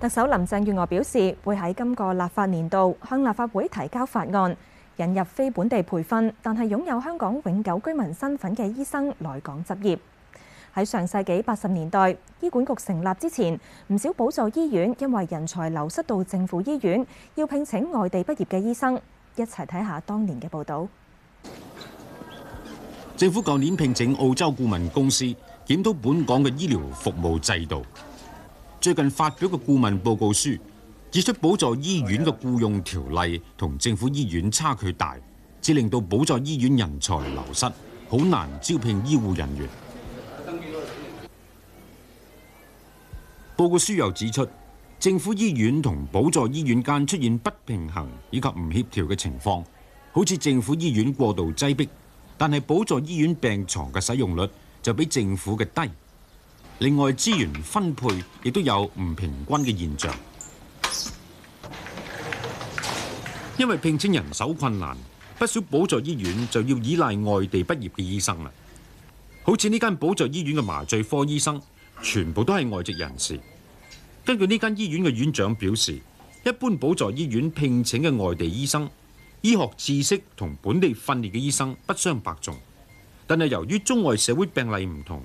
特首林鄭月娥表示，會喺今個立法年度向立法會提交法案，引入非本地培訓，但係擁有香港永久居民身份嘅醫生來港執業。喺上世紀八十年代，醫管局成立之前，唔少補助醫院因為人才流失到政府醫院，要聘請外地畢業嘅醫生。一齊睇下當年嘅報道。政府舊年聘請澳洲顧問公司檢討本港嘅醫療服務制度。最近發表嘅顧問報告書指出，補助醫院嘅僱用條例同政府醫院差距大，致令到補助醫院人才流失，好難招聘醫護人員。報告書又指出，政府醫院同補助醫院間出現不平衡以及唔協調嘅情況，好似政府醫院過度擠迫，但係補助醫院病床嘅使用率就比政府嘅低。另外，資源分配亦都有唔平均嘅現象，因為聘請人手困難，不少補助醫院就要依賴外地畢業嘅醫生啦。好似呢間補助醫院嘅麻醉科醫生，全部都係外籍人士。根據呢間醫院嘅院長表示，一般補助醫院聘請嘅外地醫生，醫學知識同本地訓練嘅醫生不相伯仲，但係由於中外社會病例唔同。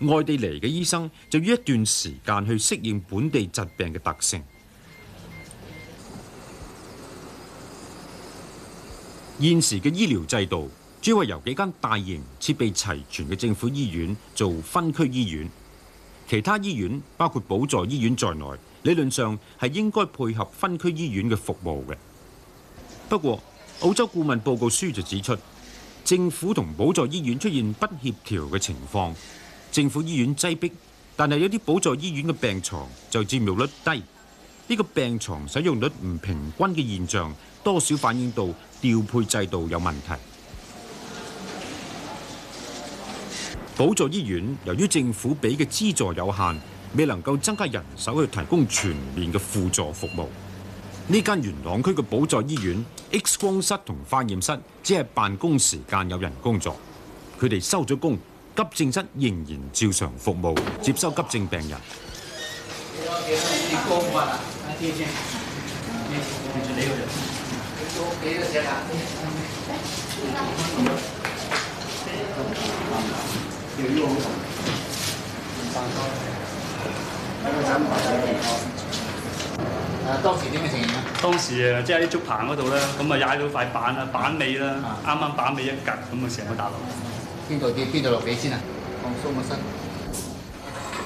外地嚟嘅醫生就要一段時間去適應本地疾病嘅特性。現時嘅醫療制度主要由幾間大型設備齊全嘅政府醫院做分區醫院，其他醫院包括補助醫院在內，理論上係應該配合分區醫院嘅服務嘅。不過，澳洲顧問報告書就指出，政府同補助醫院出現不協調嘅情況。政府醫院擠迫，但係有啲補助醫院嘅病床就佔用率低。呢個病床使用率唔平均嘅現象，多少反映到調配制度有問題。補助醫院由於政府俾嘅資助有限，未能夠增加人手去提供全面嘅輔助服務。呢間元朗區嘅補助醫院 X 光室同化驗室只係辦公時間有人工作，佢哋收咗工。急症室仍然照常服務，接收急症病人。當時點嘅情形？當時啊，即係啲竹棚嗰度咧，咁啊，踩到塊板啊，板尾啦，啱啱板尾一夾，咁啊，成個打落。邊度跌？邊度落？幾先啊？放鬆個身。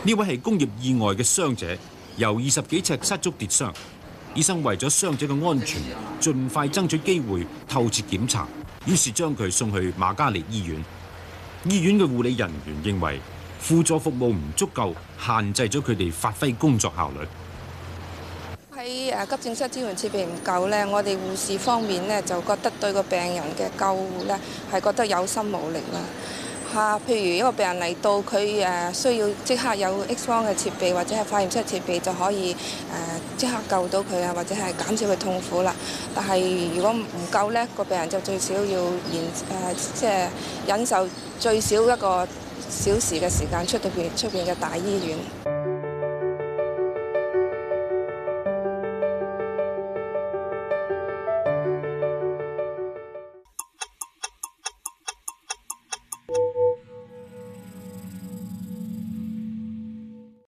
呢位係工業意外嘅傷者，由二十幾尺失足跌傷。醫生為咗傷者嘅安全，盡快爭取機會透徹檢查，於是將佢送去馬嘉利醫院。醫院嘅護理人員認為，輔助服務唔足夠，限制咗佢哋發揮工作效率。喺急症室支援設備唔夠呢，我哋護士方面呢，就覺得對個病人嘅救護呢，係覺得有心無力啦、啊。譬如一個病人嚟到，佢需要即刻有 X 光嘅設備或者係化驗室設備就可以呃、即刻救到佢啊，或者係減少佢痛苦啦。但係如果唔夠呢，個病人就最少要忍、呃、即係忍受最少一個小時嘅時間出到邊出邊嘅大醫院。